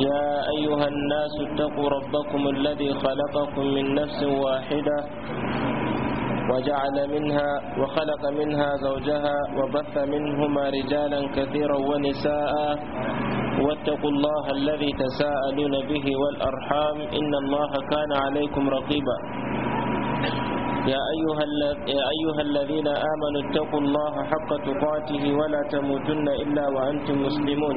يا أيها الناس اتقوا ربكم الذي خلقكم من نفس واحدة وجعل منها وخلق منها زوجها وبث منهما رجالا كثيرا ونساء واتقوا الله الذي تساءلون به والأرحام إن الله كان عليكم رقيبا يا أيها, يا أيها الذين آمنوا اتقوا الله حق تقاته ولا تموتن إلا وأنتم مسلمون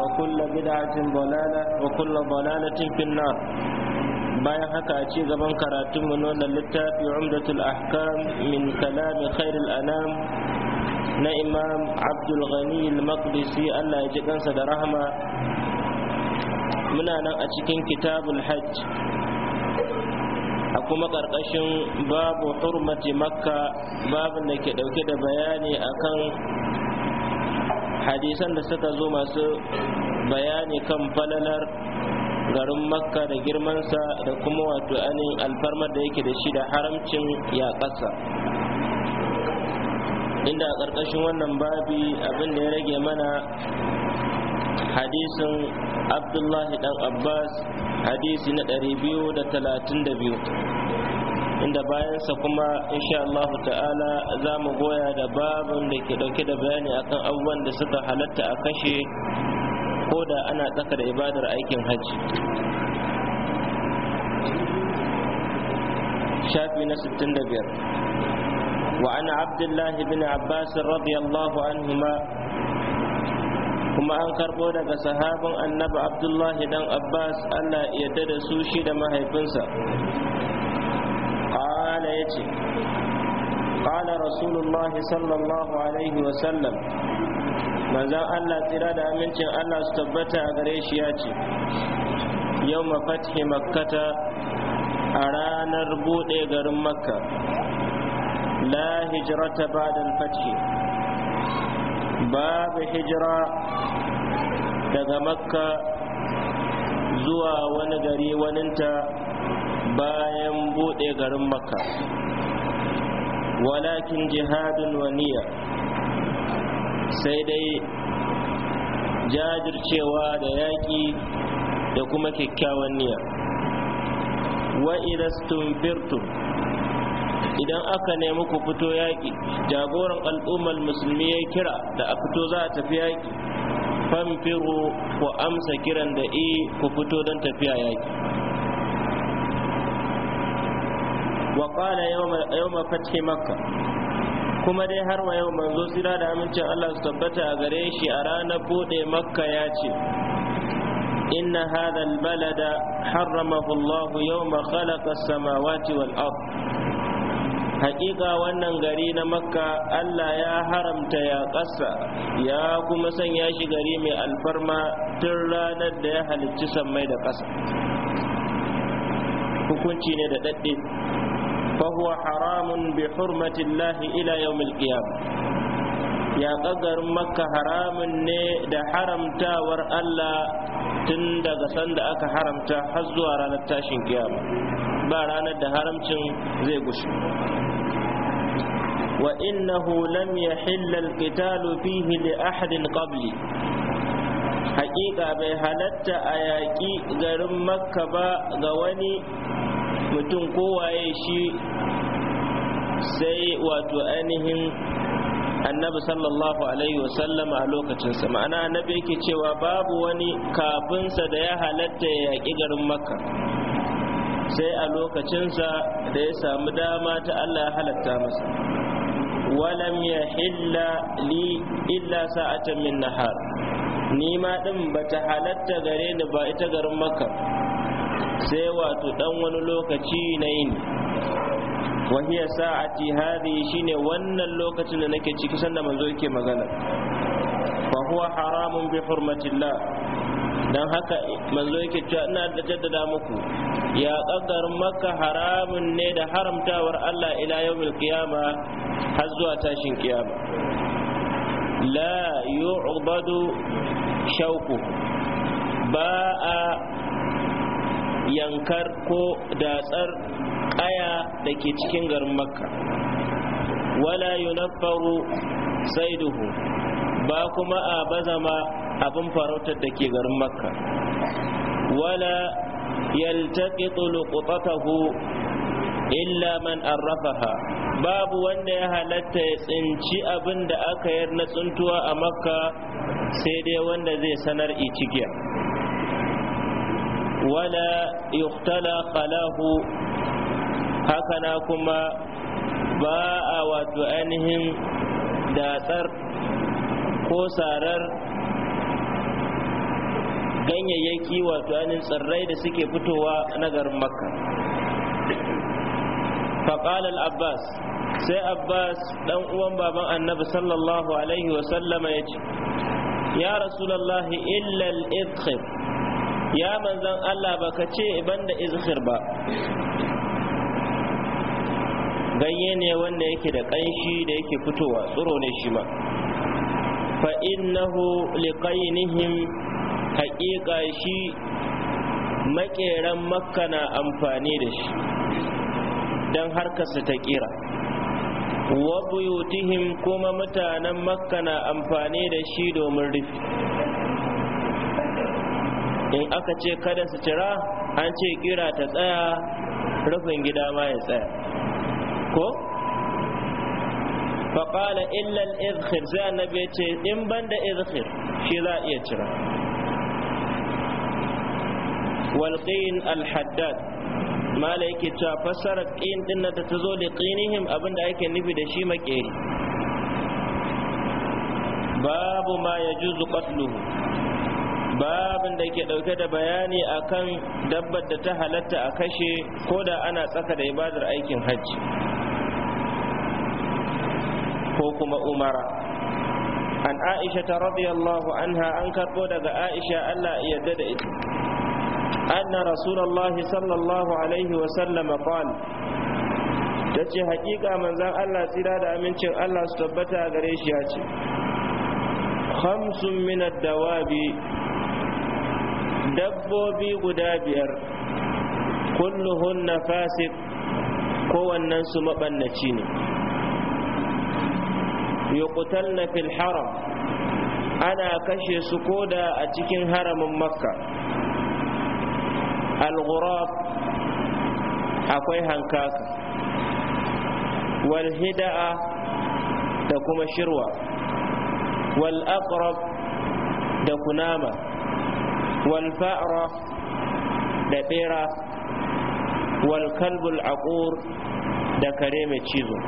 وكل بدعة ضلالة وكل ضلالة في النار bayan haka a ci gaban karatunmu na wannan littafi umdatul ahkam min kalami khairul anam na imam abdul ghani al-maqdisi Allah ya ji da rahma. muna nan a cikin kitabul hajj a kuma ƙarƙashin babu hurmati makka babin da ke ɗauke da bayani akan hadisan da suka zo masu bayani kan falalar garin makka da girmansa da kuma wato anin alfarmar da yake da shi da haramcin ya ƙasa inda a ƙarƙashin wannan babi abin da ya rage mana hadisin abdullahi dan abbas hadisi na 232 inda bayansa kuma insha Allah ta'ala za mu goya da babin da ke dauke da bayani akan abubuwan da suka halatta a kashe ko da ana tsaka da ibadar aikin hajji shafi na 65 wa ana abdullahi bin abbas radiyallahu anhuma kuma an karbo daga sahabin annabi abdullahi dan abbas allah ya da su shi da mahaifinsa ya ce قال رسول الله صلى الله عليه manzon Allah tsira da amincin Allah su tabbata a gare shi ya ce yau mafathi makkata a ranar buɗe garin makka la hijirata ba da fathi babu hijira daga makka zuwa wani gari waninta bayan bude garin makka walakin jihadun waniya sai dai jajircewa da yaƙi da kuma kyakkyawan niyya wa idastunfirtum idan aka nemi ku fito yaƙi jagoran al'ummar musulmi ya kira da a fito za a tafi yaƙi famfiru ku amsa kiran da i ku fito don tafiya yaki wa qala yawma fathi makka kuma dai har wa yau manzo sira da amincin Allah su tabbata a gare shi a ranar bude makka ya ce inna hadha albalada harramahu Allah yawma khalaqa as-samawati wal ard haƙiƙa wannan gari na makka allah ya haramta ya ƙasa ya kuma sanya shi gari mai alfarma tun ranar da ya halicci sammai da ƙasa hukunci ne da daɗe fahuwa haramun bi hurmatin lahi ila yawmil qiyam ya ƙagarin makka haramun ne da haramtawar allah tun daga sanda aka haramta har zuwa ranar tashin kiyama ba ranar da haramcin zai gushe وإنه لم يحل القتال فيه لأحد قبلي حقيقة بهلت أياكي غير مكة غواني mutum kowaye shi sai wato anihin annabi sallallahu alaihi wasallam a lokacinsa ma'ana annabi yake cewa babu wani kafinsa da ya halatta ya yaƙi garin makka sai a lokacinsa da ya samu dama ta allah ya halatta masa walam ya hilla li illa sa'atan min nahar ni ma din ba ta halatta gare ni ba ita garin makka sai wato dan wani lokaci na yini wa hiya sa'ati hadhihi shine wannan lokacin da nake ciki sanda manzo yake magana fa huwa haramun bi hurmatillah dan haka manzo yake cewa ina da jaddada muku ya kaddar maka haramun ne da haramtawar Allah ila yawmil qiyama har zuwa tashin kiyama la yu'badu shauku ba a yankar ko datsar ƙaya da ke cikin garin makka wala yunaffaru saiduhu ba kuma a bazama abin farautar da ke garin makka wala yaltaqitu luqatahu illa man arrafaha babu wanda ya halatta ya tsinci abin da aka yar na tsuntuwa a makka sai dai wanda zai sanar icigiya wala yuktala qalahu hakana kuma ba a wato ainihin datsar ko sarar ganyayyaki wato ainihin tsirrai da suke fitowa na garin makka faƙalar abbas sai abbas ɗan uwan baban annabi sallallahu alaihi wasallama ya ce ya rasulallahi illal idkhir ya manzan allah baka ce banda izkhir ba ganye ne wanda yake da ƙanshi da yake fitowa tsiro ne shi ma fa innahu haƙiƙa shi maƙeran makka na amfani da shi don harkarsa ta kira wa buyutihim kuma mutanen makka na amfani da shi domin rufi in aka ce kada su cira an ce kira ta tsaya rufin gida ma ya tsaya ko faƙala illal izhir sai annabi ya ce in banda izhir shi za a iya cira walƙin alhaddad mala yake cewa fassara qin din da ta zo da qinihim abinda ake nufi da shi makeri babu ma ya juzu qatluhu babin da ke ɗauke da bayani akan dabbar da ta halatta a kashe ko da ana tsaka da ibadar aikin hajji ko kuma umara an aisha ta radiyallahu anha an karɓo daga aisha Allah ya yarda da ita أن رسول الله صلى الله عليه وسلم قال ta ce hakika manzan Allah tsira da amincin Allah su tabbata a gare shi ya ce hamsun dabbobi guda biyar kulluhunna fasik kowannen su mabannaci ne yuqtalna fil haram ana kashe su koda a cikin haramin makka al akwai hankaka walhida'a da kuma shirwa wal da kunama wal da bera walkalbul kalbul da kare mai cizo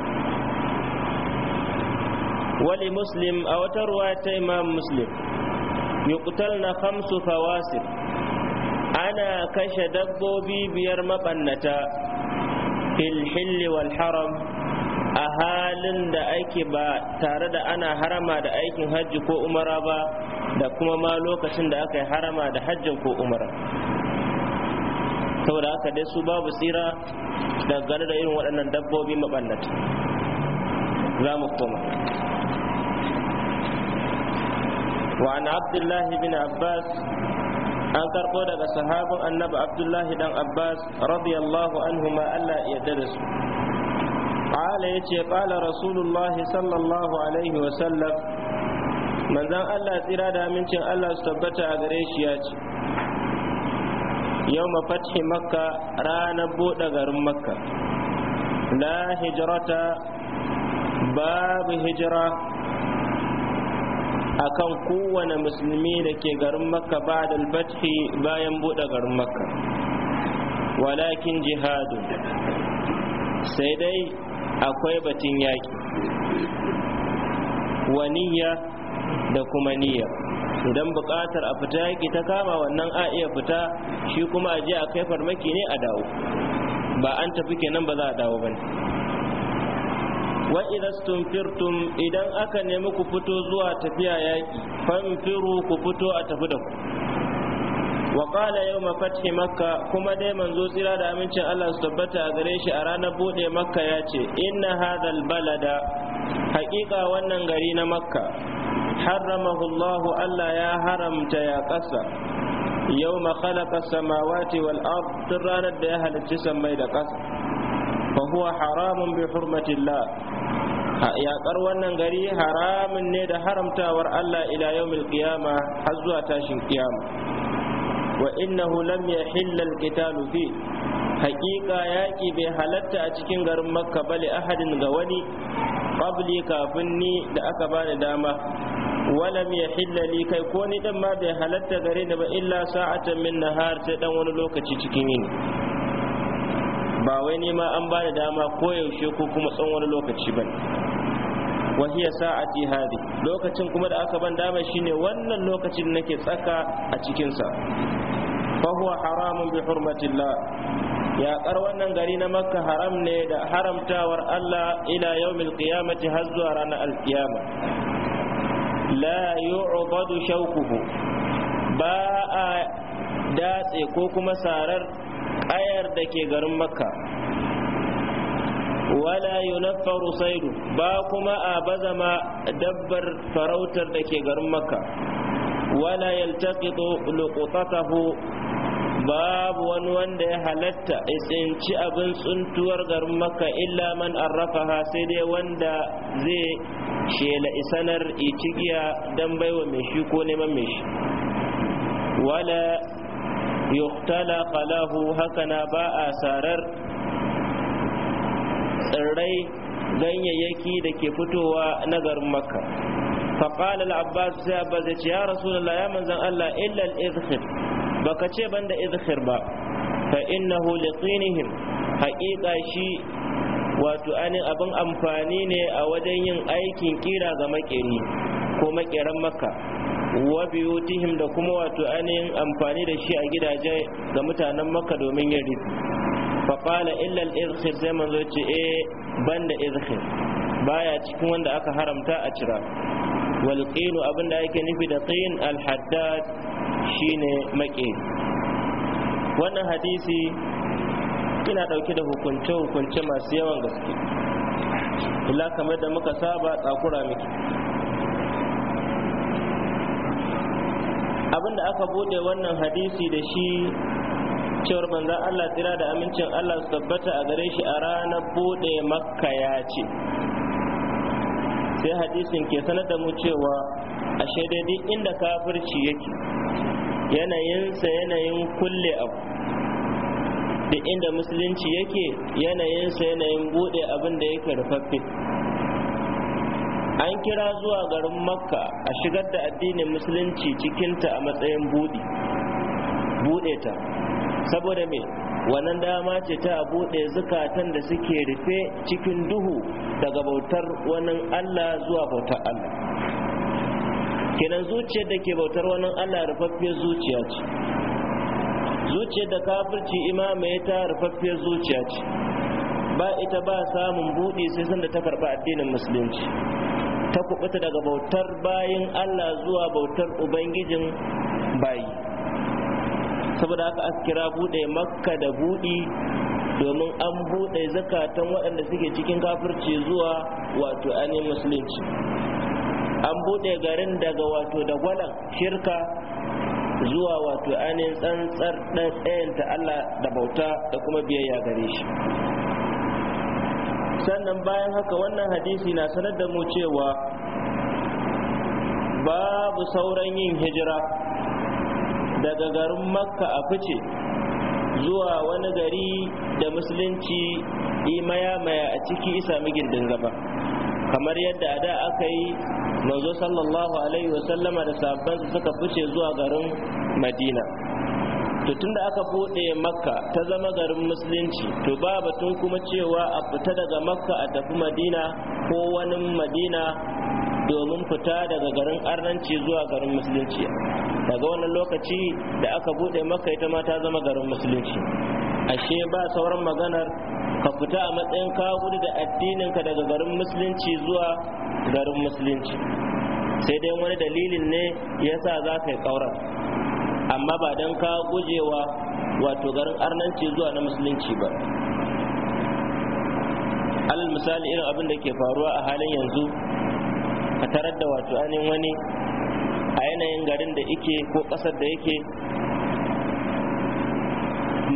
wali muslim a wata ruwa ta imam muslim na khamsu fawasif ana kashe dabbobi biyar mabannata fil wal haram a halin da ake ba tare da ana harama da aikin hajji ko umara ba da kuma ma lokacin da aka yi harama da hajjin ko umara saboda aka dai su babu tsira dangane da irin waɗannan dabbobi mabannata za mu koma وعن عبد الله بن عباس an karɓo daga sahabin annabi abdullahi dan abbas radiyallahu anhu ma allah ya da su ala ya ce ƙala rasulullahi sallallahu alaihi wa sallam manzan allah tsira da amincin allah su tabbata a gare shi ya ce yau mafatihi makka ranar buɗe garin makka la hijirata babu hijira akan kowane musulmi da ke garin makka ba da fathi bayan buɗe garin makka walakin jihadu sai dai akwai batun yaƙi waniya da kuma niyya idan buƙatar a fita yaƙi ta kama wannan a iya fita shi kuma a je a kai farmaki ne a dawo ba an tafi kenan ba za a dawo ba ne wa idza idan aka nemi ku fito zuwa tafiya yaki fanfiru ku fito a tafi da ku wa qala yawma fathi makka kuma dai manzo tsira da amincin Allah su tabbata a gare shi a ranar bude makka ya ce inna hadhal balada haƙiƙa wannan gari na makka haramahu Allah Allah ya haramta ya ƙasa yawma khalaqa samawati wal ard ranar da ya halicci sammai da ƙasa fa huwa haramun bi hurmatillah yaƙar wannan gari haramun ne da haramtawar Allah ila yawmil qiyama har zuwa tashin kiyama wa innahu lam yahilla alqitalu fi haƙiƙa yaƙi bai halatta a cikin garin makka bale ahadin ga wani qabli kafin ni da aka bani dama walam yahilla li kai ko ni dan ma bai halatta gare ni ba illa sa'atan min nahar sai dan wani lokaci cikin yini ba wai nema an ba da dama koyaushe ko kuma tsawon wani lokaci ba wahiya sa'ati hadi lokacin kuma da aka ban dama shine wannan lokacin nake tsaka a cikinsa fa huwa haramun bi hurmatillah kar wannan gari na makka haram ne da haramtawar allah ila yaumil qiyamati har zuwa ranar alkiyama la yu'badu shawkuhu ba a datse ko kuma sarar ayar da ke garin makka wala yunaffaru saidu ba kuma a bazama dabbar farautar da ke garin makka wala yaltaqitu luqtatahu babu wani wanda ya halatta ya tsinci abin tsuntuwar garin makka illa man arrafaha sai dai wanda zai shela isanar itigiya don baiwa mai shi ko neman mai shi wala yuktala qalahu hakana ba a sarar tsirrai ganyayyaki da ke fitowa na garin makka al Abbas sai abbas ya ce ya rasulullah ya manzan allah illa al-izhir baka ce banda izhir ba fa innahu liqinihim haƙiƙa shi wato anin abin amfani ne a wajen yin aikin kira ga makeni ko makeran makka wa biyutihim da kuma wato ainihin amfani da shi a gidaje ga mutanen makka domin yin rufi faƙala illal izhir sai manzo ce eh banda izhir baya cikin wanda aka haramta a cira wal qinu abinda yake nufi da qin al haddad shine maqi wannan hadisi ina dauke da hukunce hukunce masu yawan gaske illa kamar da muka saba tsakura miki Abin da aka bude wannan hadisi da shi cewar manzan Allah tsira da amincin Allah su tabbata a gare shi a ranar bude makka ya ce sai hadisin ke sanar da mu cewa a shaidadi inda kafirci yake yanayinsa yanayin kulle abu duk inda musulunci yake yanayinsa yanayin bude abin da yake rufaffe an kira zuwa garin makka a shigar da addinin musulunci cikinta a matsayin buɗe buɗe ta saboda me wannan dama ce ta buɗe zukatan da suke rufe cikin duhu daga bautar wani allah zuwa bautar allah kenan zuciyar da ke bautar wani allah rufaffiyar zuciya ce zuciyar da kafirci imama ya ta rufaffiyar zuciya ce ba ita ba samun buɗe sai sanda ta karɓi addinin musulunci ta kubuta daga bautar bayin Allah zuwa bautar ubangijin bayi saboda haka aka kira bude makka da buɗi domin an bude zakatan waɗanda suke cikin kafirci zuwa wato ainihin musulunci an buɗe garin daga wato da gwalan shirka zuwa wato ainihin tsantsar ɗan ta Allah da bauta da kuma biyayya gare shi sannan bayan haka wannan hadisi na sanar da mu cewa babu sauran yin hijira daga garin makka a fice zuwa wani gari da musulunci imaya maya a ciki isa gindin gaba kamar yadda a da aka yi mazo sallallahu alaihi wasallama da sabansu suka fice zuwa garin madina to tunda aka bude makka ta zama garin musulunci to ba batun kuma cewa a fita daga makka a tafi madina ko wani madina domin fita daga garin arnanci zuwa garin musulunci daga wannan lokaci da aka bude makka ita ma ta zama garin musulunci ashe ba sauran maganar ka fita a matsayin ka gudu da addininka daga garin musulunci zuwa garin musulunci sai dai wani dalilin ne yasa za ka yi amma ba don ka gujewa wato garin arnanci zuwa na musulunci ba alal misali irin abin da ke faruwa a halin yanzu a tarar da wato anin wani a yanayin garin da ike ko kasar da yake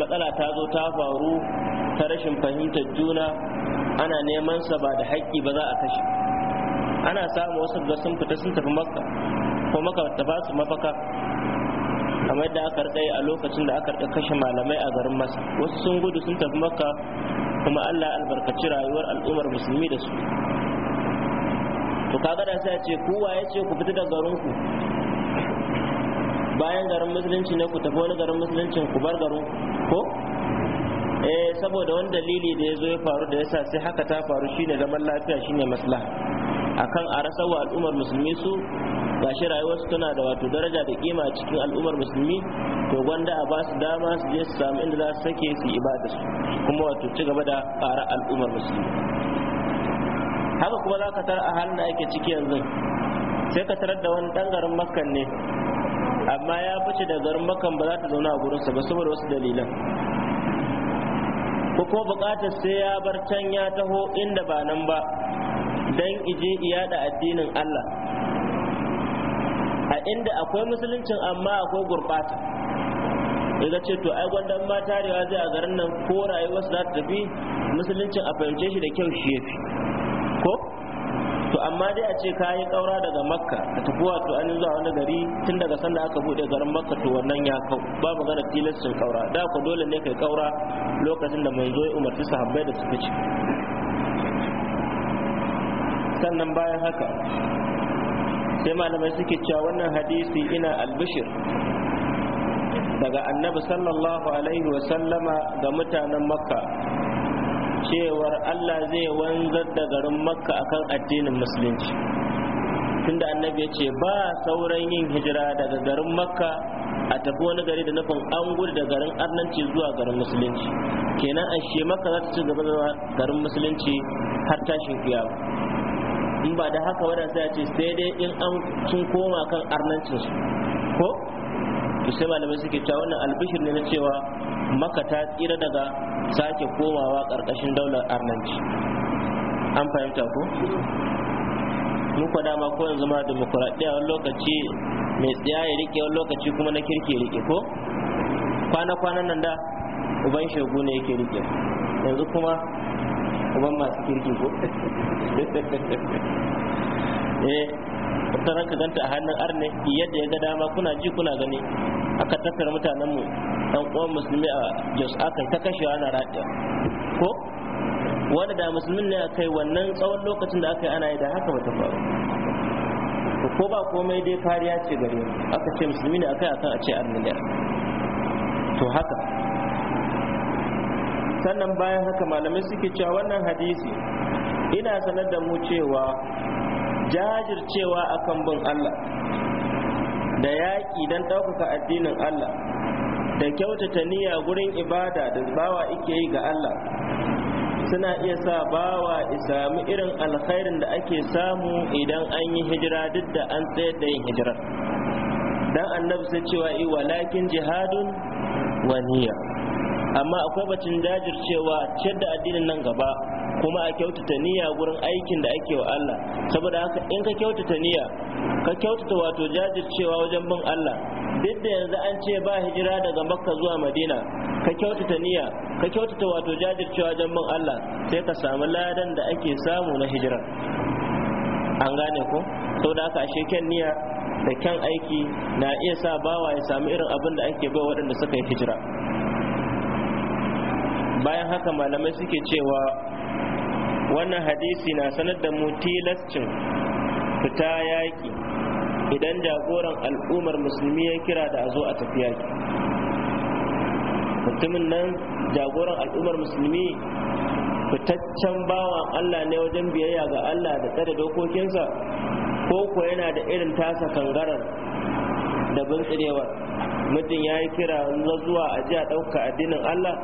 matsala ta zo ta faru ta rashin fahimtar juna ana neman sa ba da haƙƙi ba za a kashe ana samu wasu da sun fita sun tafi makka ko maka ta ba su mafaka kamar yadda aka rikai a lokacin da aka rɗa kashe malamai a garin masa wasu sun gudu sun tafi maka kuma allah albarkaci rayuwar al'ummar musulmi da su to kaga da sai ce ku ya ce ku fita da garin ku bayan garin musulunci ne ku tafi wani garin musuluncin ku bar garin ko eh saboda wani dalili da ya zo ya faru da yasa sai haka ta faru shine zaman lafiya shine maslaha akan a rasa al'ummar musulmi su gashi rayuwarsu tana da wato daraja da kima cikin al'ummar musulmi to gwanda a su dama su je su samu inda za su sake su ibada su kuma wato ci gaba da fara al'ummar musulmi haka kuma za ka tara a halin da ake ciki yanzu sai ka tarar da wani dan garin makkan ne amma ya fice da garin makkan ba za ta zauna a gurinsa ba saboda wasu dalilan ko kuma bukatar sai ya bar can ya taho inda ba nan ba dan ije iyada addinin Allah a inda akwai musuluncin amma akwai gurbata ya ce to ai gwandan ma tarewa zai a garin nan ko rayuwar za ta tafi musuluncin a fahimce shi da kyau shi ya fi, ko to amma dai a ce ka yi kaura daga makka da tafi wato an zuwa wani gari tun daga sanda aka bude garin makka to wannan ya kau ba magana tilastin kaura da ku dole ne kai kaura lokacin da zo ya umarci sahabbai da su fice sannan bayan haka sai malamai suke cewa wannan hadisi ina albishir daga annabi sallallahu alaihi wa sallama ga mutanen makka cewar allah zai wanzar da garin makka akan addinin musulunci tunda annabi ya ce ba sauran yin hijira daga garin makka a tafi wani gari da nufin an gudu da garin arnanci zuwa garin musulunci kenan a makka za ta ci gaba da garin musulunci har tashin kiyama in ba da haka wadda sai ce sai dai in an sun koma kan su ko to sai malamai suke cewa wannan albishir ne na cewa maka ta tsira daga sake komawa ƙarƙashin daular arnanci an fahimta ko mun kwa dama ko yanzu ma demokuraɗiyya wani lokaci mai tsaya ya rike wani lokaci kuma na kirki rike ko kwana-kwanan nan da uban shegu ne yake rike yanzu kuma uban masu kirki ko eh wata ka ganta a hannun arne yadda ya ga dama kuna ji kuna gani aka tattara mutanen mu dan uwan musulmi a jos aka ta kashe ana radiya ko wanda da musulmin ne kai wannan tsawon lokacin da aka yi ana yi da haka bata faru ko ba komai dai kariya ce gare aka ce musulmi ne akai akan a ce arne ne to haka sannan bayan haka malamai suke cewa wannan hadisi ina sanar da mu cewa jajircewa akan bin Allah da yaƙi don ɗaukaka addinin Allah da kyautata niyya gurin ibada da bawa ike yi ga Allah suna iya sa bawa sami irin alkhairin da ake samu idan an yi hijira duk da an tsayar da yin hijira dan annabi sai cewa i walakin jihadun wa niyya amma akwai bacin jajircewa ciyar da addinin nan gaba kuma a kyautata niyya gurin aikin da ake wa Allah saboda haka in ka kyautata niyya ka kyautata wato jajircewa wajen bin Allah duk da yanzu an ce ba hijira daga makka zuwa madina ka kyautata niyya ka kyautata wato jajircewa wajen bin Allah sai ka samu ladan da ake samu na hijira an gane ko saboda haka ashe kyan niyya da kyan aiki na iya sa bawa ya samu irin abin da ake bai waɗanda suka yi hijira bayan haka malamai suke cewa wannan hadisi na sanar da mu tilascin fita yaƙi idan jagoran al'ummar musulmi ya kira da a zo a tafi yaƙi mutumin nan jagoran al'ummar musulmi fitaccen bawan Allah ne wajen biyayya ga Allah da tsare dokokinsa ko ko yana da irin tasa kangarar da tsirewar mutum ya yi kira zuwa a ji a ɗauka addinin Allah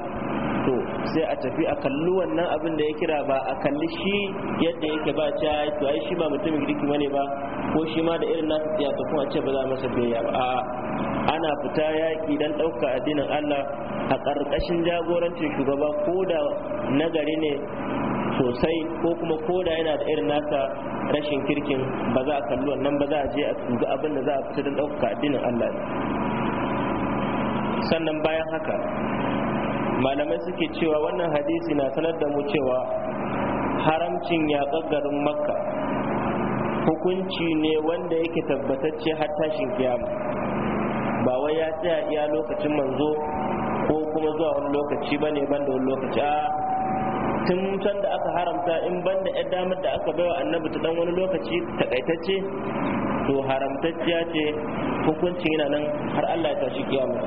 to sai a tafi a kalli wannan abin da ya kira ba a kalli shi yadda yake ba ta to ai shi ba mutumin girki bane ba ko shi ma da irin nasu tsiyata kuma ce ba za masa biyayya ba a'a ana fita yaƙi dan ɗauka addinin Allah a karkashin jagorancin shugaba ko da nagari ne sosai ko kuma ko da yana da irin nasa rashin kirkin ba za a kalli wannan ba za a je a tuga abin da za a fita don dauka addinin Allah sannan bayan haka malamai suke cewa wannan hadisi na sanar da mu cewa haramcin yaƙar garin makka hukunci ne wanda yake tabbatacce har tashin kiyama ba wai ya tsaya iya lokacin manzo ko kuma zuwa wani lokaci ba ne banda wani lokaci a tun can da aka haramta in banda ya damar da aka baiwa annabi ta dan wani lokaci takaitacce to haramtacciya ce hukuncin yana nan har Allah ya tashi kiyama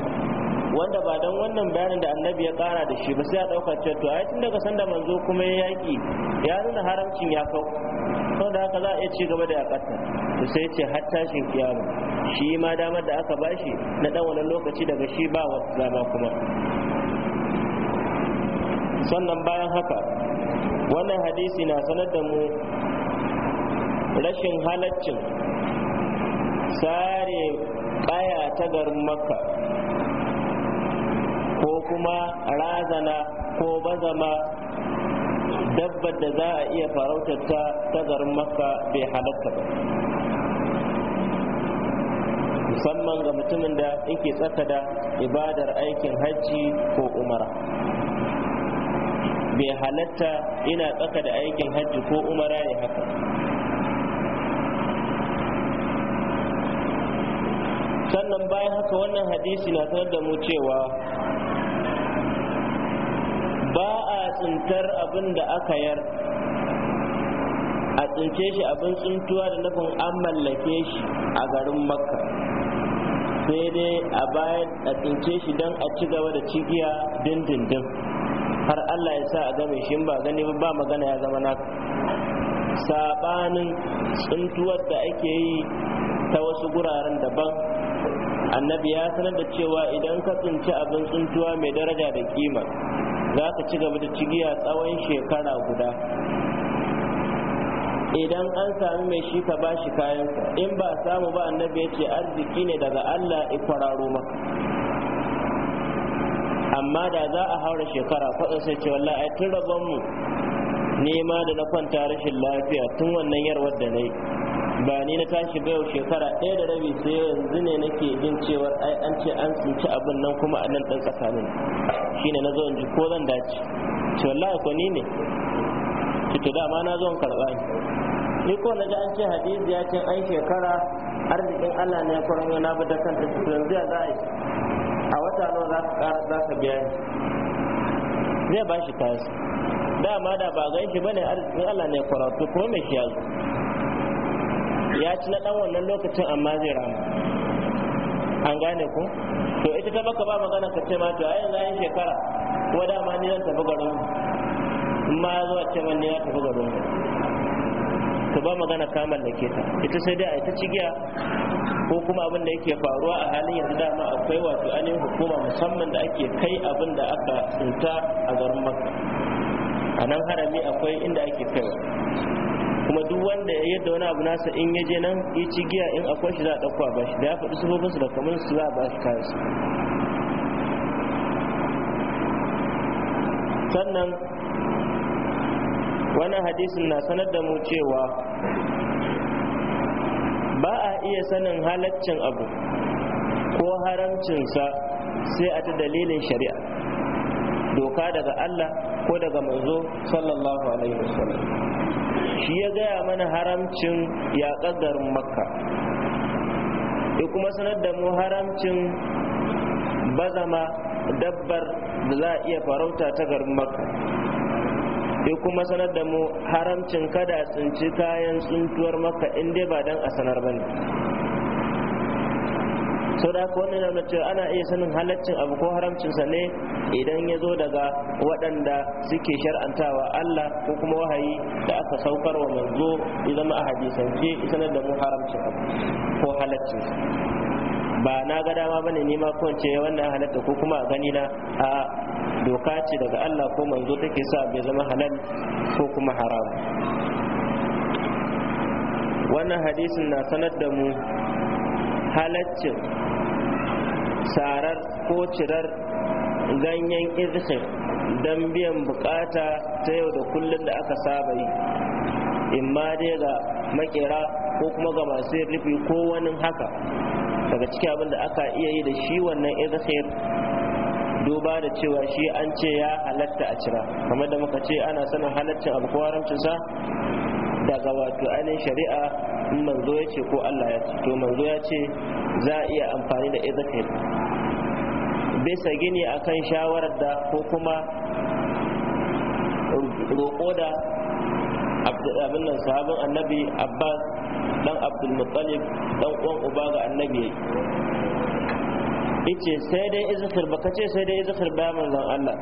wanda ba don wannan bayanin da annabi ya kara da shi ba sai a ɗaukar cewa a yi tun daga sanda manzo kuma ya yaƙi ya nuna haramcin ya kau da haka za a iya ci gaba da yaƙarta to sai ce har tashin kiyama shi ma damar da aka bashi na dan wani lokaci daga shi ba wata dama kuma sannan bayan haka wannan hadisi na sanar da mu rashin halaccin sare ƙaya ta garin makka ko kuma razana ko bazama dabbar da za a iya farautar ta ta garin makka bai halatta ba musamman ga mutumin da yake tsaka da ibadar aikin hajji ko umara bai halatta ina tsaka da aikin hajji ko umara ne haka sannan bayan haka wannan hadisi na sanar da mu cewa ba a tsintar abin da aka yar a tsince shi abin tsintuwa da nufin an mallake shi a garin makka sai dai a bayan a tsince shi don a ci gaba da cigiya dindindin har allah ya sa a game shi ba gani ba magana ya zama naka sabanin tsintuwar da ake yi ta wasu guraren daban annabi ya sanar da cewa idan ka tsinci abin tsintuwa mai daraja da kima za ka ci gaba da cigiya tsawon shekara guda idan an sami mai shi ka bashi kayansa in ba samu ba annabi ya ce arziki ne daga Allah ya kwararo maka amma da za a haura shekara kwatsa sai ce wallahi tun rabon mu nema da na kwanta rashin lafiya tun wannan yarwar da na yi ba ni na tashi ba yau shekara ɗaya da rabi sai yanzu ne nake jin cewar ai an ce an tsinci abin nan kuma a nan ɗan tsakanin shine na zo in ji ko zan dace ce wallahi ko ni ne to dama na zo in karɓa ni ni ko na ga an ce hadisi ya ce an shekara arzikin Allah ne ya kwaron na bada da to yanzu ya za a yi a wata nawa za ka ƙara za ka biya ni zai ba shi kayan dama da ba gan shi bane arzikin Allah ne ya kwaron to kuma me shi ya zo ya ci na dan wannan lokacin amma zai rama an gane ku to ita ta baka ba magana ka ce ma to ai yanzu ai shekara ko dama ni zan tafi garin in ma ya zo a ce man ni na tafi garin to ba magana ka mallake ta ita sai dai a ita cigiya ko kuma abin da yake faruwa a halin yanzu dama akwai wato ainihin hukuma musamman da ake kai abin da aka tsinta a garin makka a nan harami akwai inda ake kaiwa kuma duk wanda ya yadda wani abu nasa in ya je nan ya ci giya in akwai shi za a ɗauka ba shi da ya faɗi sufofinsu da kamar su za a ba shi sannan wani hadisin na sanar da mu cewa ba a iya sanin halaccin abu ko haramcinsa sai a ta dalilin shari'a doka daga Allah ko daga manzo sallallahu alaihi wasallam shi ya gaya mana haramcin ya garin makka ya kuma sanar da mu haramcin bazama dabbar da za a iya farauta ta garin makka ya kuma sanar da mu haramcin kada tsinci kayan tsuntuwar makka in dai ba don a sanar ba ne sau da haka wannan yana cewa ana iya sanin halaccin abu ko haramcinsa ne idan ya zo daga waɗanda suke shar'antawa Allah ko kuma wahayi da aka saukar wa manzo ya zama a hadisance sanar da mu haramcin ko halaccinsa ba na ga dama bane ni ma ko ce wannan halatta ko kuma a gani na a doka ce daga Allah ko manzo take sa bai zama halal ko kuma haram wannan hadisin na sanar da mu halaccin sarar ko cirar ganyen irkin don biyan bukata ta yau da kullum da aka saba yi in ma dai ga makera ko kuma ga masu rufi ko wani haka daga ciki abin da aka iya yi da shi wannan irkin duba da cewa shi an ce ya halatta a cira kamar da muka ce ana sanin halaccin alkuwarancinsa daga wato ainihin shari'a in manzo ya ce ko Allah ya ce to manzo ya ce za a iya amfani da izakir bisa gini akan shawarar da ko kuma roƙo da abin nan sahabin annabi abbas dan abdulmuttalib dan uwan uba ga annabi ce sai dai izikir ka ce sai dai izikir ba manzon Allah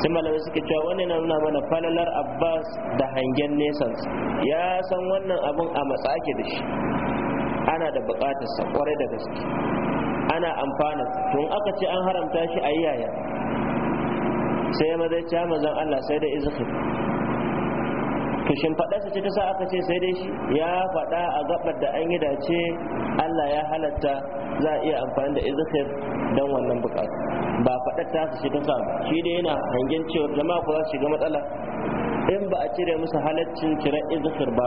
sai malamai suka cewa wannan na nuna mana falalar abbas da hangen nesan ya san wannan abin a matsake da shi ana da sa kwarai da gaske ana amfana tun aka ce an haramta shi a yaya sai ya mazai cewa mazan allah sai da izikir to shin su ce ta sa aka ce sai dai shi ya faɗa a gabar da an yi dace allah ya halatta za a iya amfani da izikir don wannan bukata ba faɗar ta su shi ta samu shi dai yana hangen cewa jama'a ku za su shiga matsala in ba a cire musu halaccin cire izikir ba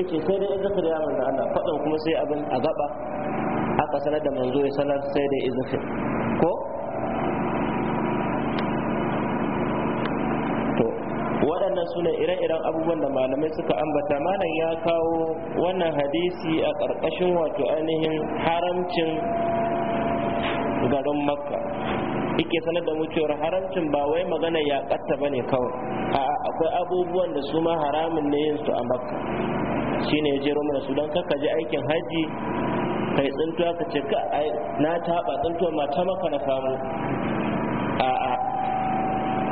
ce sai dai izikir ya manzo Allah faɗan kuma sai abin a gaba aka sanar da manzo ya sanar sai dai izikir ko To waɗannan su ne ire-iren abubuwan da malamai suka ambata malam ya kawo wannan hadisi a ƙarƙashin wato ainihin haramcin garin makka yake sanar da mu cewar haramcin ba wai magana ya katta bane kawai a akwai abubuwan da su ma haramun ne yin su a makka shine ya jero mana su don kaka je aikin haji kai tsintuwa ka ce ka na taɓa tsintuwa ma ta maka na samu a'a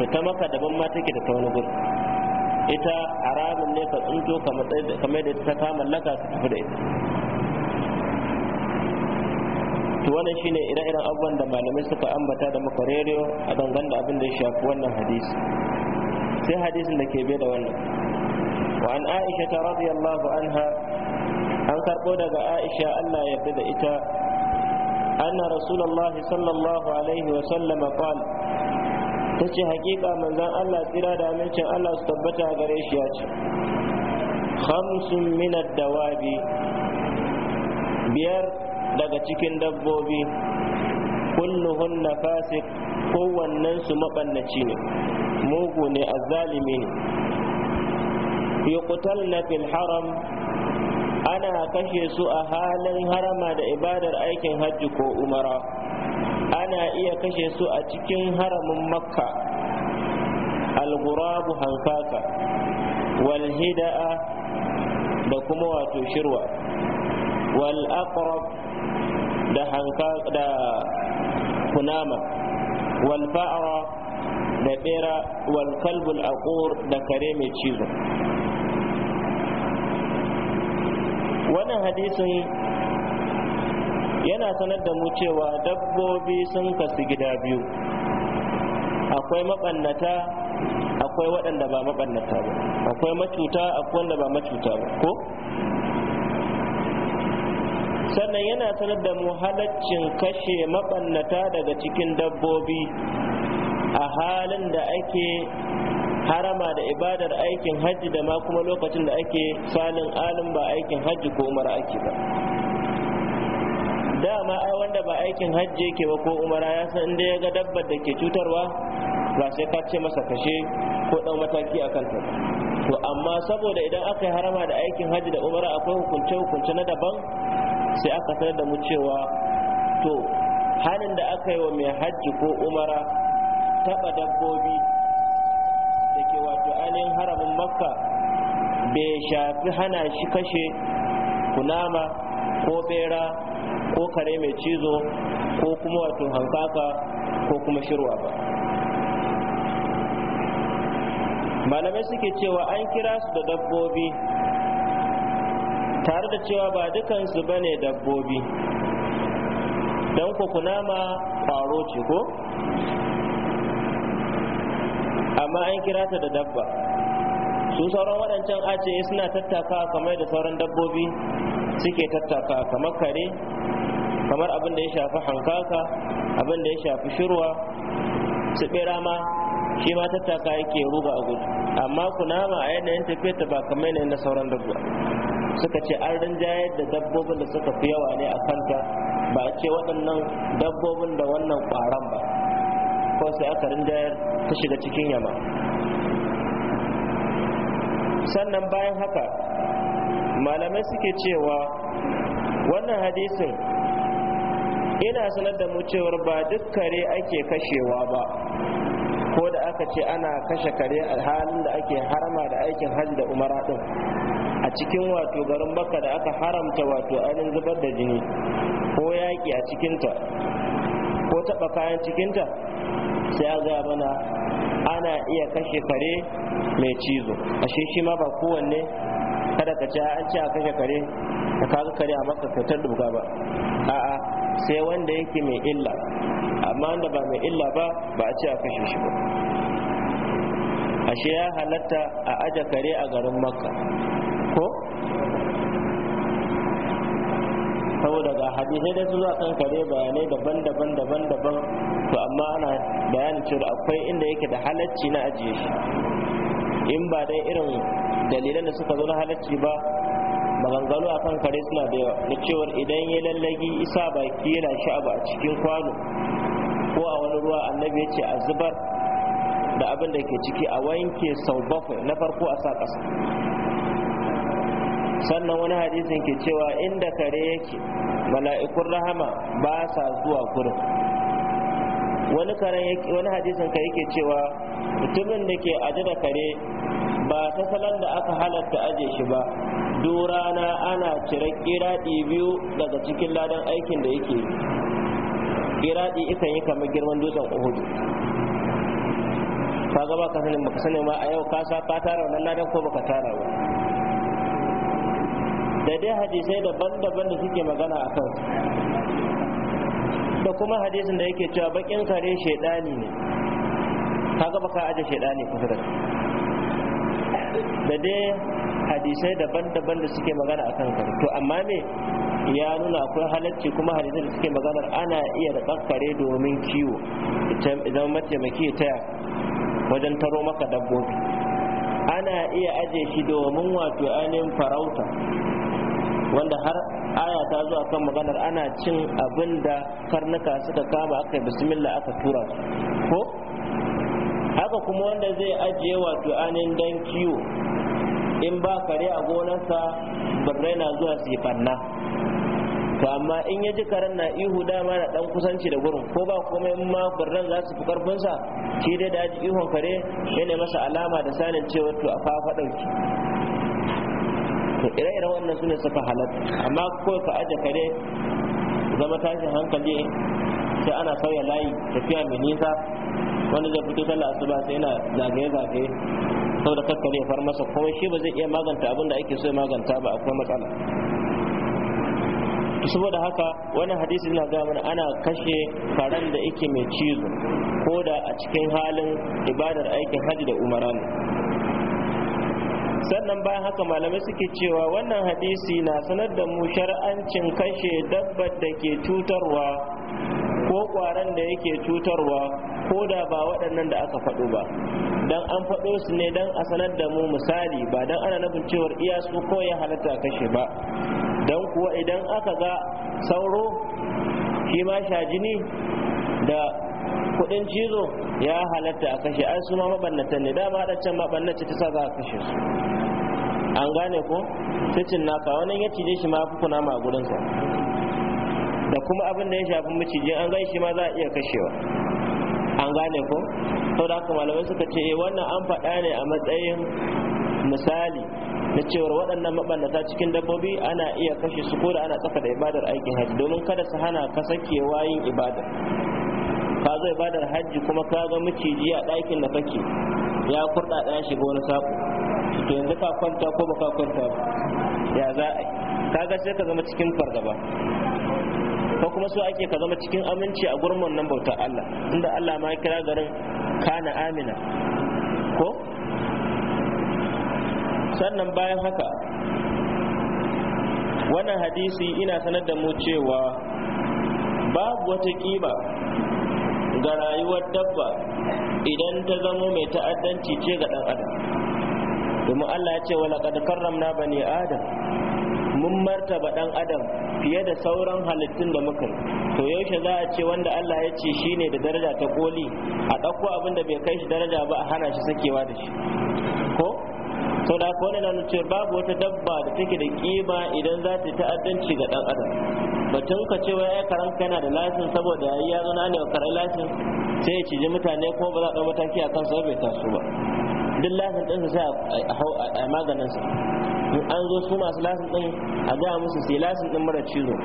to ta maka daban ma take da ta wani gudu ita haramun ne ka tsinto kamar da ta kama laka ka tafi da ita to wannan shine ire-iren abubuwan da malamai suka ambata da muka rediyo a dangane da abin da ya shafi wannan hadisi sai hadisin da ke bai da wannan wa an aisha ta radiyallahu anha an karbo daga aisha Allah ya yarda da ita anna rasulullah sallallahu alaihi wa sallam qala tace hakika manzon Allah tsira da amincin Allah su tabbata gare shi ya ce khamsun min ad-dawabi biyar daga cikin dabbobi na fasik kowannensu su ne mugu ne a zalimi ne na fil haram ana kashe su a halin harama da ibadar aikin hajji ko umara ana iya kashe su a cikin haramin makka algurabu hankaka wal hida'a da kuma wato shirwa wal aqrab da hanka da kunama wal fa'ra da bera wal kalbul aqur da kare mai cizo wannan hadisin yana sanar da mu cewa dabbobi sun kasu gida biyu akwai mabannata akwai waɗanda ba mabannata ba akwai macuta akwai wanda ba macuta ba ko sannan yana sanar da mu halaccin kashe mabannata daga cikin dabbobi a halin da ake harama da ibadar aikin hajji da ma kuma lokacin da ake salin alin ba aikin hajji ko umara ake ba dama ai wanda ba aikin hajji yake ba ko umara ya san inda ya ga dabbar da ke cutarwa ba sai ka ce masa kashe ko ɗau mataki a kanta ta to amma saboda idan aka yi harama da aikin hajji da umara akwai hukunce hukunce na daban sai aka sanar da mu cewa to halin da aka yi wa mai hajji ko umara taɓa dabbobi da ke wato ainihin haramin makka bai shafi hana shi kashe kunama ko bera ko kare mai cizo ko kuma wato hankaka ko kuma shirwa ba malamai suke cewa an kira su da dabbobi tare da cewa ba dukansu ba ne dabbobi don kunama kwaro ce ko amma an kira ta da dabba su sauran waɗancan ace suna tattaka kamar da sauran dabbobi suke tattaka kamar kare kamar abin da ya shafi hankaka abin da ya shafi shirwa su ɓera ma shi ma tattaka yake ruga a gudu amma kunama a yanayin ta ba kamar yanayin na sauran dabba suka ce an rinjayar da dabbobin da suka fi yawa ne a kanta ba a ce waɗannan dabbobin da wannan ƙwaron ba ko sai aka rinjayar ta shiga cikin yama sannan bayan haka malamai suke cewa wannan hadisin ina sanar da mu cewar ba duk kare ake kashewa ba ko da aka ce ana kashe kare a halin da ake harama da aikin hajji da umara din a cikin wato garin baka da aka haramta wato ainihin zubar da jini ko yaƙi a cikinta ko taɓa kayan cikinta sai a ga mana ana iya kashe kare mai cizo ashe shi ma ba kowanne kada ka ce an ci a kashe kare ka kaga kare a maka kyautar duga ba a'a sai wanda yake mai illa amma wanda ba mai illa ba ba a ci a kashe shi ba ashe ya halatta a aja kare a garin makka ko saboda ga hadisai da su za kan kare bayanai daban-daban daban-daban to amma ana bayanin cewa akwai inda yake da halacci na ajiye shi in ba dai irin dalilan da suka zo na halacci ba maganganu akan kare suna da yawa na cewar idan ya lallagi isa baki yana sha'aba a cikin kwano ko a wani ruwa annabi ya ce a zubar da abin da ke ciki a wanke sau bakwai na farko a sa ƙasa sannan wani hadisin ke cewa inda kare yake mala'ikun rahama ba sa zuwa kurin. wani karan wani hadisin ka yake cewa mutumin da ke aje da kare ba ta salon da aka halatta aje shi ba durana ana cire kiraɗi biyu daga cikin ladan aikin da yake kiraɗi ikan yi kamar girman dutsen uhudu ka gaba ka sanin ka sani ma a yau ka sa ka tara wannan ladan ko baka tara ba da dai hadisai daban-daban da suke magana a kansu da kuma hadisin da yake cewa bakin kare shedani ne kaga baka aje shedani kusa da da dai hadisai daban-daban da suke magana akan kare to amma me ya nuna akwai halacci kuma hadisai da suke magana. ana iya da kare domin kiwo idan mataimaki ta wajen taro maka dabbobi ana iya aje shi domin wato ainihin farauta wanda har aya ta zuwa kan maganar ana cin abin da karnuka suka kama aka yi bismillah aka tura su ko haka kuma wanda zai ajiye wato anin dan kiwo in ba kare a gonarsa birrai na zuwa su yi banna to amma in ya ji karen na ihu dama na dan kusanci da gurin ko ba komai in ma birran za su fi karfinsa shi dai da ji ihun kare ya masa alama da sanin cewa to a fafa to ire-iren wannan su ne suka halatta amma ko ka aje kare zama tashin hankali sai ana sauya layi tafiya mai nisa wanda zai fito sallah asuba sai yana zagaye-zagaye saboda kakkar ya far masa kuma shi ba zai iya maganta abin da ake so ya maganta ba akwai matsala saboda haka wani hadisi na gaba mana ana kashe karen da yake mai cizo ko da a cikin halin ibadar aikin hajji da umarani sannan bayan haka malamai suke cewa wannan hadisi na sanar da mu shar'ancin kashe dabbar da ke cutarwa ko kwaran da yake cutarwa ko da ba waɗannan da aka faɗo ba dan an faɗo su ne dan a sanar da mu misali ba dan ana nufin cewar iya su ko ya halatta kashe ba dan kuwa idan aka ga sauro shi ma shajini da kudin cizo ya halatta a kashe ai su ma mabannatan ne dama da can mabannace ta sa za a kashe su an gane ko cicin naka wani ya cije shi ma kuna ma a gurinsa da kuma abin da ya shafi maciji an gan shi ma za a iya kashewa an gane ko to da haka malamai suka ce eh, wannan an faɗa ne a matsayin misali na cewar waɗannan mabannata cikin dabbobi ana iya kashe su ko da ana tsaka da ibadar aikin hajji domin kada su hana ka sakewa yin ibadar ka zo ibadar hajji kuma ka ga miciji a ɗakin da kake ya kurɗa ɗaya shiga wani saƙo to yanzu ka kwanta ko baka kwanta ba ya za a ka ga sai ka zama cikin fargaba ko kuma so ake ka zama cikin aminci a gurin wannan bautar Allah inda Allah ma ya kira garin kana amina ko sannan bayan haka wannan hadisi ina sanar da mu cewa babu wata kiba ga rayuwar dabba idan ta zamo mai ta'addanci ce ga ɗan adam domin Allah ya ce wa laqad karramna bani adam mun martaba ɗan adam fiye da sauran halittun da muka to yaushe za a ce wanda Allah ya ce shine da daraja ta koli a ɗauko abin da bai kai shi daraja ba a hana shi sakewa da shi ko to da ko na babu wata dabba da take da kima idan za ta ta'addanci ga ɗan adam batun ka cewa ya karan kana da lasin saboda yayi ya zo na ne karai lasin sai ya ciji mutane kuma ba za a ɗau mataki a kansa bai taso ba duk lasin ɗinsa sai a maganin sa in an zo su masu lasin ɗin a gaya musu sai lasin ɗin mara cizo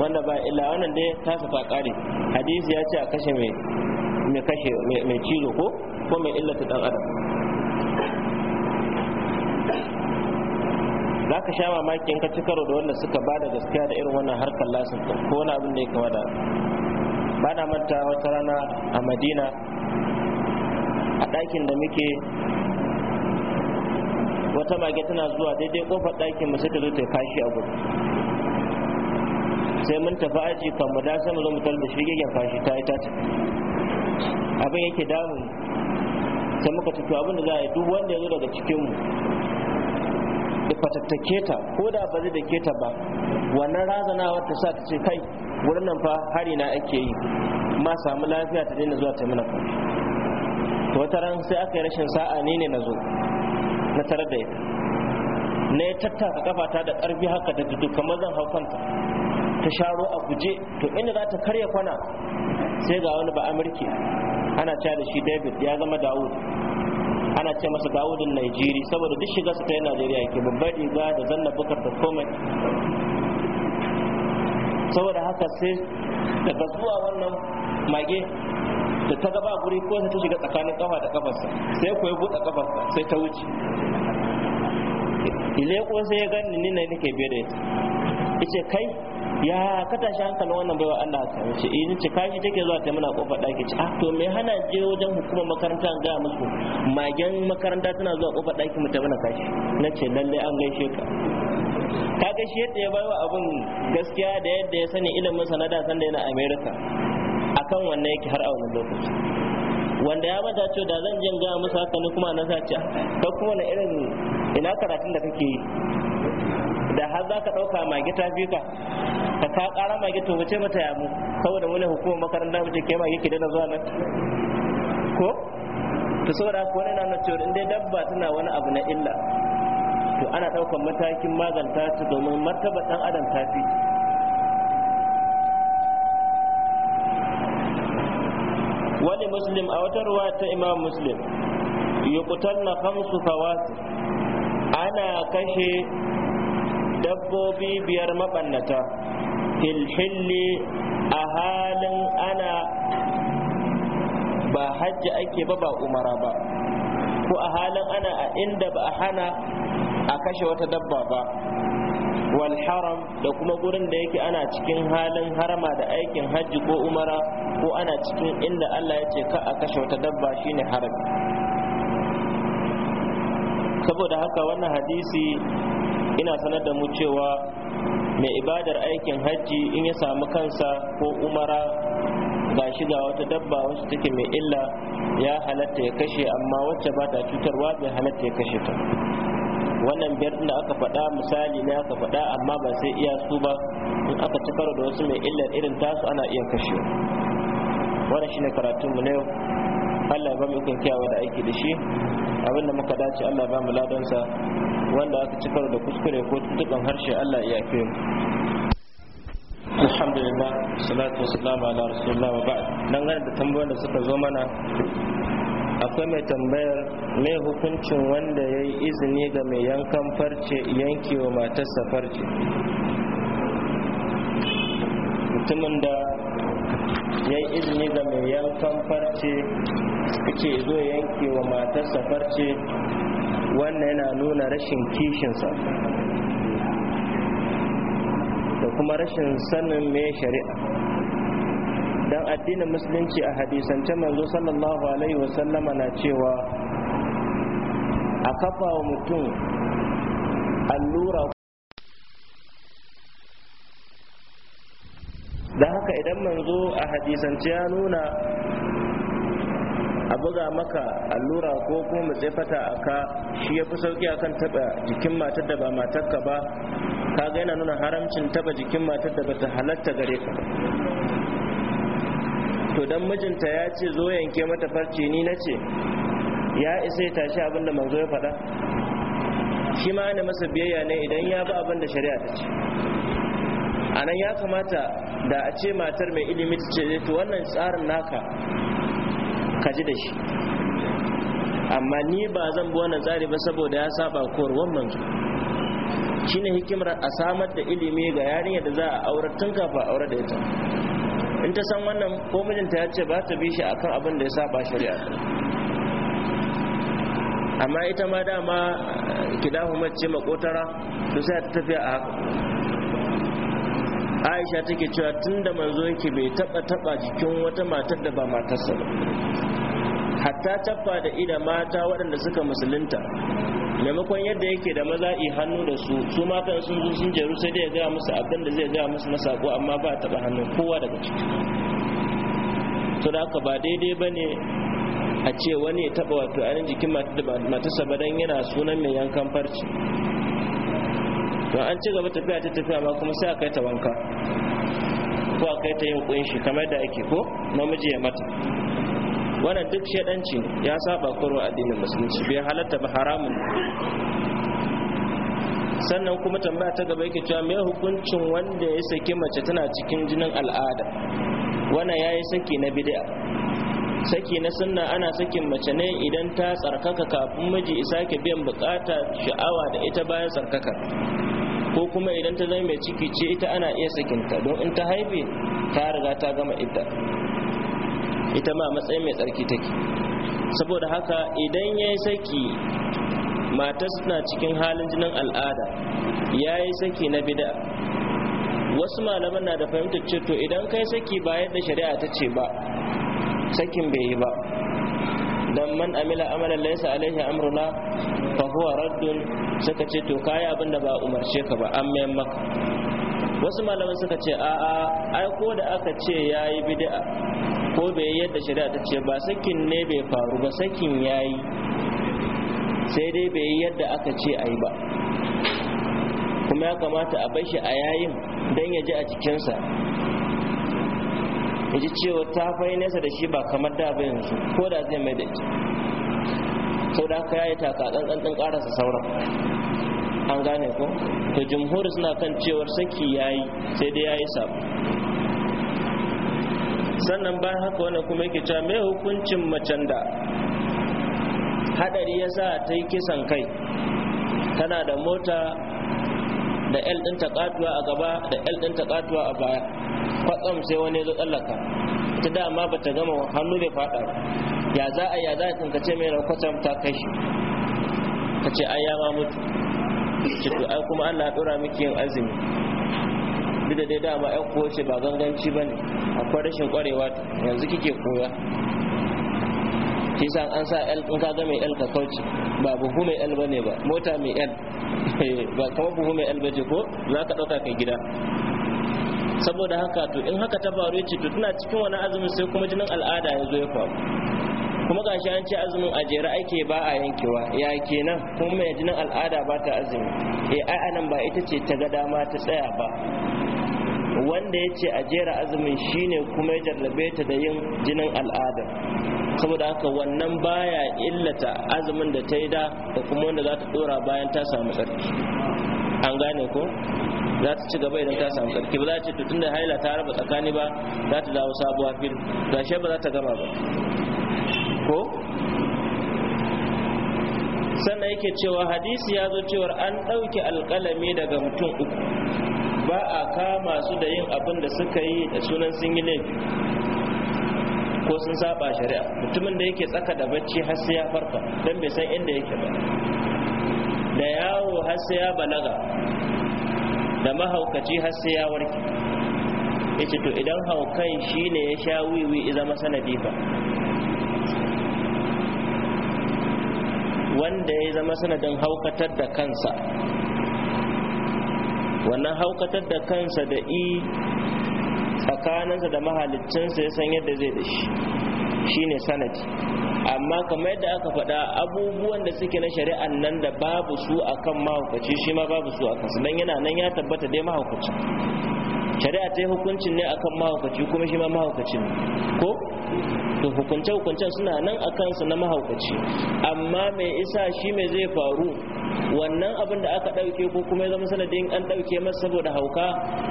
wanda ba illa wannan dai tasa ta ƙare hadisi ya ce a kashe mai kashe mai cizo ko ko mai illata ɗan adam za ka sha mamaki in ka ci karo da wanda suka ba da gaskiya da irin wannan harkar lasin ko wani abin da ya kama da ba na manta wata rana a madina a ɗakin da muke wata mage tana zuwa daidai kofar ɗakin mu sai ta zo ta kashi a gudu sai mun tafi aji kan mu da sai mu zo mu talba shi gegen kashi ta ita ce abin yake damun sai muka tafi abin da za a yi duk wanda ya zo daga cikin mu fatattake ta ko da ba zai dake ta ba wannan razanawar ta sa ta ce kai wurin nan fa hari na ake yi ma samu lafiya ta daina zuwa ta mana to wata ran sai aka yi rashin sa'a ne ne na na tarar da ita na ya tattaka kafata da karfi haka da dudu kamar zan hau kanta ta sharo a guje to inda za ta karya kwana sai ga wani ba amurki ana cewa da shi david ya zama dawud ana ce masa dawudin najeri saboda duk shiga su ta yi najeriya ke babbar riga da zanna bukar da komai saboda haka sai daga zuwa wannan mage da ta gaba guri ko ta shiga tsakanin kafa da kafarsa sai ko ya buɗe kafarsa sai ta wuce ile ko sai ya gani ni ne nake biye da ita yace kai ya ka tashi hankali wannan baiwa Allah ka same ce in ce kashi take zuwa ta muna kofar daki ce ah to me hana je wajen hukumar makaranta ga musu magen makaranta tana zuwa kofar daki mu ta muna kashi nace lalle an gaishe ka ka ga shi yadda ya baiwa abun gaskiya da yadda ya sani ilimin sanada sanda yana America akan wannan yake har a wannan lokaci wanda ya bada cewa da zan jin ga musu haka ni kuma na sa ce ta ah, kuma na irin ina karatun da kake yi da har za ka ɗauka mage ta fi ka ka ka ƙara mage to wuce mata yamu saboda wani hukumar makaranta wuce ke mage ke dana zuwa nan ko to saboda haka wani na nan cewa inda dai dabba tana wani abu na illa to ana ɗaukar matakin maganta ta domin martaba ɗan adam ta fi wani muslim a wata ruwa ta imam muslim na kamsu fawasi ana kashe dabbobi biyar mabannata filhilli a halin ana ba hajji ake ba ba umara ba ko a halin ana a inda ba a hana a kashe wata dabba ba wal haram da kuma gurin da yake ana cikin halin harama da aikin hajji ko umara ko ana cikin inda Allah ya ce ka a kashe wata dabba shine harami saboda haka wannan hadisi ina sanar da mu cewa mai ibadar aikin hajji in ya samu kansa ko umara ga shi ga wata dabba wacce take mai illa ya halatta ya kashe amma wacce ba ta cutarwa bai halatta ya kashe ta wannan biyar da aka faɗa misali ne aka faɗa amma ba sai iya su ba in aka ci da wasu mai illar irin tasu ana iya kashe wannan shine karatun mu na Allah ya ba mu ikon kiyawa da aiki da shi abinda muka dace Allah ya ba mu ladansa wanda aka cikar da kuskure ko tutukan harshe Allah ya fi mu alhamdulillah salatu wassalamu ala rasulillah wa ba'd gane da tambayoyin da suka zo mana akwai mai tambayar me hukuncin wanda ya yi izini ga mai yankan farce yankewa matarsa farce mutumin da ya yi izini ga mai yankan farce ke zo yankewa wa matarsa farce wannan yana nuna rashin kishinsa da kuma rashin sanin me shari'a don addinin musulunci a hadisance manzo sallallahu alaihi wasallama na cewa a kafa wa mutum allura da haka idan manzo a hadisance ya nuna a buga maka allura ko kuma matsai fata a ka shi ya fi sauki akan taba jikin matar da ba matarka ba kaga yana nuna haramcin taba jikin matar da bata halatta gare ka to dan mijinta ya ce zo yanke mata farce ni na ce ya isa ya tashi abin manzo ya faɗa shi ma ana masa biyayya ne idan ya bi abin da shari'a ta ce a nan ya kamata da a ce matar mai ilimi ta ce eh, to wannan tsarin naka kaji da shi amma ni ba zan bi wannan tsari ba saboda ya saba korwar manzo shine hikimar a samar da ilimi ga yarinya da za a aure tun kafin aure da ita in ta san wannan ko mijinta ya ce ba ta bi shi akan abin da ya saba shari'a amma ita ma dama kidahu mace makotara to sai ta tafiya a haka aisha take cewa tun da manzo yake bai taba taba jikin wata matar da ba matarsa ba hatta tabba da ida mata waɗanda suka musulunta maimakon yadda yake da maza i hannu da su su kan sun zo sun jeru sai dai ya gaya musu abin da zai gaya musu na sako amma ba taba hannu kowa daga ciki to da haka ba daidai ba ne a ce wani ya taba wato ainihin jikin matarsa ba dan yana sunan mai yankan farci don an ci gaba tafiya ta tafiya ma kuma sai a kai ta wanka ko a kai ta yin kunshi kamar da ake ko namiji ya mata wannan duk shaidanci ya saba kurwa addinin musulunci bai halatta ba haramun sannan kuma tambaya ta gaba yake cewa me hukuncin wanda ya saki mace tana cikin jinin al'ada wannan yayi saki na bid'a saki na sunna ana sakin mace ne idan ta tsarkaka kafin miji isa ke biyan bukata sha'awa da ita bayan tsarkaka ko kuma idan ta zama mai ciki ce ita ana iya sakinta don in ta haife ta riga ta gama idda ita ma matsayin mai tsarki take saboda haka idan ya yi saki matar na cikin halin jinin al'ada ya yi saki na bida wasu malaman na da fahimtar ce to idan kai saki ba yadda shari'a ta ce ba sakin bai yi ba dan man amila amalan laysa alaihi amruna fa huwa raddun suka ce to kai abin da ba umarce ka ba an mayan maka wasu malaman suka ce a a ai ko da aka ce yayi bid'a ko bai yadda shari'a ta ce ba sakin ne bai faru ba sakin yayi sai dai bai yadda aka ce ayi ba kuma ya kamata a bar shi a yayin dan ya ji a cikinsa ya ji cewa ta fai nesa da shi ba kamar da ba yanzu ko da zai mai da ita sau da haka ya taka tsantsan karasa sauran an gane ko to jimhuri suna kan cewar saki ya yi sai dai ya yi sabu sannan bayan haka wani kuma yake cewa mai hukuncin macen da hadari ya sa ta yi kisan kai tana da mota da l din takatuwa a gaba da l din takatuwa a baya kwatsam sai wani zo tsallaka ta dama ba ta gama hannu bai fada ya za a ya za a tsinkace mai rakwatam ta kai shi ka ce ai ya ma mutu ki to ai kuma Allah ya dora miki yin azumi duk da dai dama ko ce ba ganganci bane akwai rashin kwarewa yanzu kike koya shi san an sa l in ka ga mai l ka kauce ba buhu mai l bane ba mota mai l ba kamar buhu mai l bace ko za ka ɗauka kai gida saboda haka to in haka ta faru ce to tana cikin wani azumin sai kuma jinin al'ada ya zo ya faru kuma gashi an ce azumin a jere ake ba a yankewa ya kenan kuma mai jinin al'ada ba ta azumi eh ai anan ba ita ce ta ga dama ta tsaya ba wanda ya ce a jera azumin shine kuma ya jarrabe ta da yin jinin al'ada saboda haka wannan baya illata azumin da ta yi da da kuma wanda za ta dora bayan ta samu tsarki an gane ko za ta ci gaba idan ta samu tsarki ba za ce tutun da haila ta raba tsakani ba za ta dawo sabuwa fil gashe ba za ta gama ba ko sannan yake cewa hadisi ya zo cewar an ɗauke alƙalami daga mutum uku ba a kama su da yin abin da suka yi da sunan sun yi laifi ko sun saba shari'a mutumin da yake tsaka da bacci har sai ya farka dan bai san inda yake ba da yawo har sai ya balaga da mahaukaci har sai ya warke yace to idan haukai shine ya sha wiwi iza masanadi ba. wanda ya zama sanadin haukatar da kansa wannan haukatar da kansa da i tsakaninsa da mahalicinsa ya san yadda zai da shi shi ne sanadi amma kamar yadda aka faɗa abubuwan da suke na shari'an nan da babu su akan mahaukaci shi ma babu su A su nan yana nan ya tabbata dai mahaukaci shari'a ta yi hukuncin ne akan mahaukaci kuma shi ma mahaukaci ne, ko to hukunce hukuncen suna nan a su na mahaukaci amma me isa shi me zai faru wannan abin da aka ɗauke ko kuma ya zama sanadin an ɗauke masa saboda hauka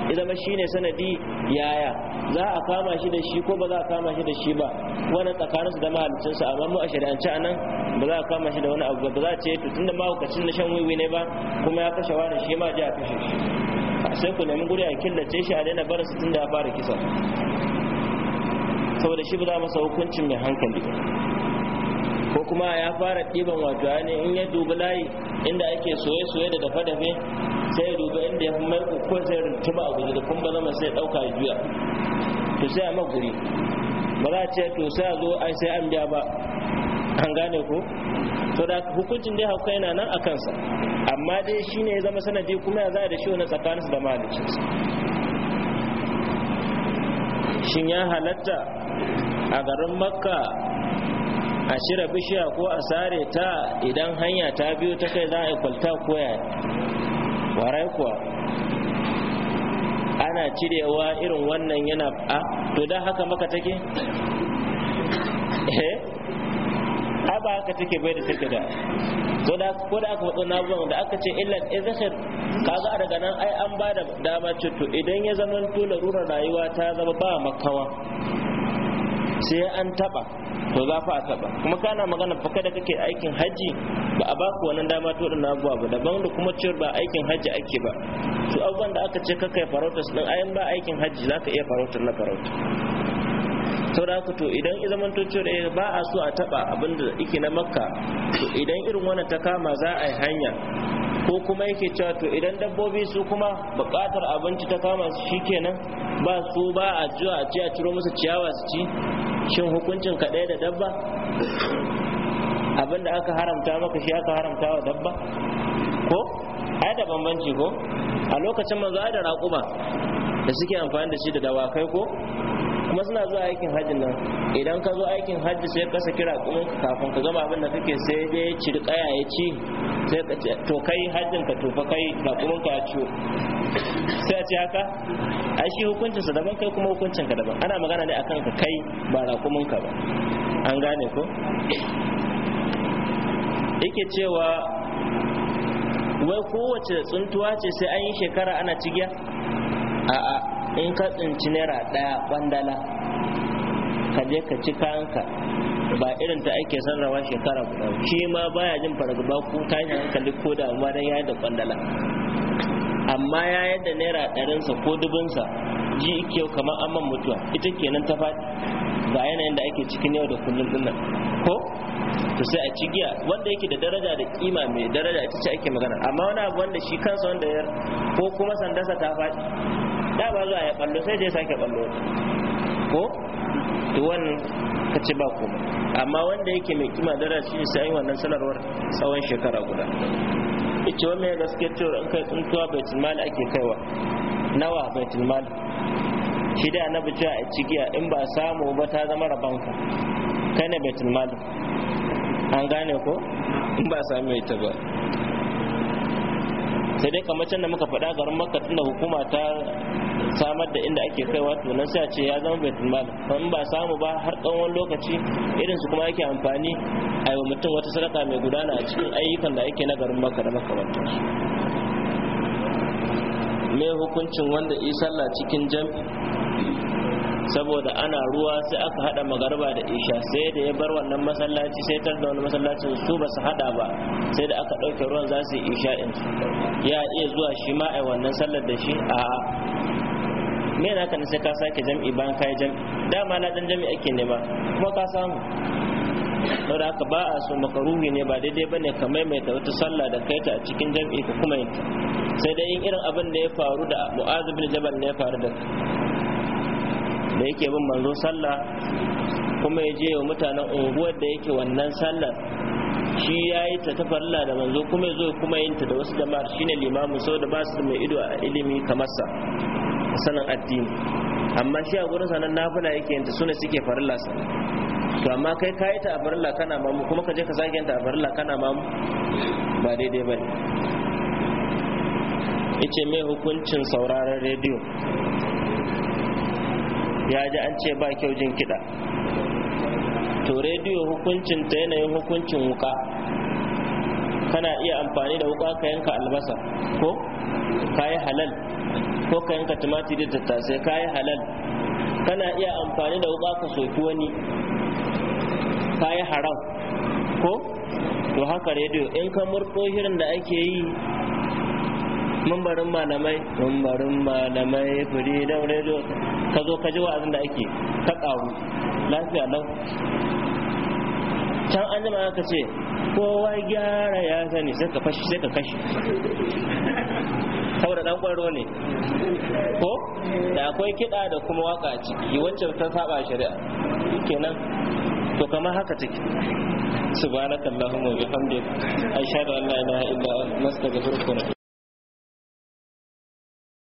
ya zama shi ne sanadi yaya za a kama shi da shi ko ba za a kama shi da shi ba wani tsakanin su da mahalicinsu amma mu a shari'ance a nan ba za a kama shi da wani abu ba za a ce to tunda mahaukacin na shan wiwi ne ba kuma ya kashe wani shi ma je a kashe shi sai ku nemi guri a killace shi a daina barin su tunda ya fara kisa saboda shi ba za masa hukuncin mai hankali ko kuma ya fara ɗiban wato ne in ya dubi layi inda ake soye-soye da dafe-dafe sai ya dubi inda ya fi mai ko sai rintuba a guri da kun ba zama sai ɗauka ya juya to sai a maguri ba za a ce to sai a zo ai sai an biya ba an gane ko to da hukuncin dai hauka yana nan a kansa amma dai shi ne ya zama sanadi kuma ya za da shi wani tsakaninsu da mahalicinsa shin ya halatta a garin makka a shira bishiya ko a sare ta idan hanya ta biyu ta kai za a yi kwalta koya warai kuwa ana cirewa irin wannan yana a to da haka maka take eh ba haka take bai da take da to da ko da aka faɗo na zuwa da aka ce illa ka za a daga nan ai an ba da dama ce to idan ya zama tula rura rayuwa ta zama ba makawa sai an taba to za fa a taba kuma kana magana fa kada kake aikin haji ba a baka wannan dama to da abubuwa ba daban da kuma cewa ba aikin haji ake ba to abubuwan da aka ce kaka kai farauta su din ayan ba aikin haji ka iya farautar na farauta saboda haka to idan ya zama cewa da eh, ba a so a taba abinda ike na makka to idan irin wani ta kama za a yi hanya ko kuma yake cewa to idan dabbobi su kuma buƙatar abinci ta kama su shikenan ba su ba a ji a ci a ciro musu ciyawa su ci shin hukuncin ka ɗaya da dabba abin aka haramta maka shi aka haramta wa dabba ko ai da bambanci ko a lokacin manzo ai da raƙuma da suke amfani da shi da dawakai ko kuma suna zuwa aikin hajji nan idan ka zo aikin hajji sai ka saki raƙumin kafin ka gama abin da kake sai dai ciri kaya ya ci sai ka ce to kai hajjin ka to fa kai raƙumin ka ya ciwo sai a ce haka ai shi hukuncin sa daban kai kuma hukuncin ka daban ana magana ne akan ka kai ba raƙumin ka ba an gane ko yake cewa wai kowace tsuntuwa ce sai an yi shekara ana cigiya a'a in ka tsinci naira ɗaya ɓandala ka je ka ci kayanka ba irin ta ake sarrafa shekara guda shi ma baya jin fargaba ko tashi, hankali ko da amma dan yayi da ɓandala. amma ya yadda naira ɗarinsa ko dubinsa ji ke kamar man mutuwa ita kenan ta faɗi ga yanayin da ake cikin yau da kullum din nan ko to sai a ci giya wanda yake da daraja da kima mai daraja ita ce ake magana amma wani abu wanda shi kansa wanda ya ko kuma sandarsa ta faɗi da ba zuwa ya ballo sai je sake ballo ko to wannan ka ci ba ko amma wanda yake mai kima dara shi sai wannan sanarwar tsawon shekara guda ita wannan ya gaske cewa in kai tsuntuwa baitul mali ake kaiwa nawa baitul mali shi da na cewa a cigiya in ba samu ba ta zama ka kai ne baitul mali an gane ko in ba sami ita ba sai dai kamar can da muka faɗa garin makka tunda hukuma ta samar da inda ake kaiwa to nan sai a ce ya zama baitul mal in ba samu ba har tsawon lokaci irin su kuma yake amfani a yi wa mutum wata sadaka mai gudana a cikin ayyukan da ake na garin makka da makamantar me hukuncin wanda yi sallah cikin jam'i saboda ana ruwa sai aka hada magarba da isha sai da ya bar wannan masallaci sai tar da wani masallacin su ba su hada ba sai da aka dauke ruwan za su yi isha in ya iya zuwa shi ma a wannan sallar da shi a me na kan sai ka sake jam'i ban kai jam'i dama na dan jam'i ake nema kuma ka samu don haka ba a so makaruhi ne ba daidai bane ka maimaita wata sallah da kai ta a cikin jam'i ka kuma yin sai dai irin abin da ya faru da mu'azu bin jabal ne ya faru da da yake bin manzo sallah kuma ya je wa mutanen unguwar da yake wannan sallar shi ya yi ta tafarla da manzo kuma ya zo kuma yin ta da wasu jama'ar shi ne limamin sau da ba su mai ido a ilimi kamar sa sanin addini amma shi a gurin sanan nafila yake yin ta ne suke farilla sa to amma kai ka yi ta a farilla kana mamu kuma ka je ka zage ta a farilla kana mamu ba daidai ba ne ce mai hukuncin sauraron rediyo ya ji an ce ba kyau jin kiɗa to rediyo hukuncin ta yanayin hukuncin wuka kana iya amfani da wuka ka yanka albasa ko ka yi halal ko ka yanka tumatir da tattasai ka yi halal kana iya amfani da wuka ka soki wani ka yi haram ko to haka rediyo in ka murɗo hirin da ake yi mambarin malamai mambarin malamai firi da radio ka zo ka ji wa'azin da ake ka karu lafiya lau can an jima aka ce kowa gyara ya sani sai ka fashi sai ka kashi saboda dan kwaro ne ko da akwai kiɗa da kuma waka a ciki wacce ta saba shari'a kenan to kamar haka take subhanakallahumma wa bihamdika ashhadu an la ilaha illa anta astaghfiruka wa atubu